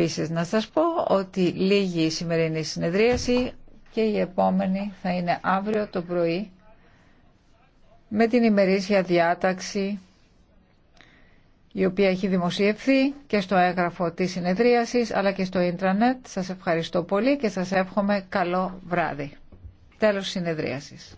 Επίσης να σας πω ότι λίγη η σημερινή συνεδρίαση και η επόμενη θα είναι αύριο το πρωί με την ημερήσια διάταξη η οποία έχει δημοσιευθεί και στο έγγραφο της συνεδρίασης αλλά και στο ίντρανετ. Σας ευχαριστώ πολύ και σας εύχομαι καλό βράδυ. Τέλος συνεδρίασης.